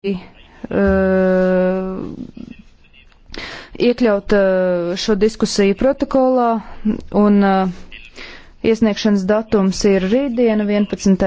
Uh, iekļaut uh, šo diskusiju protokolā, un uh, iesniegšanas datums ir rītdiena 11.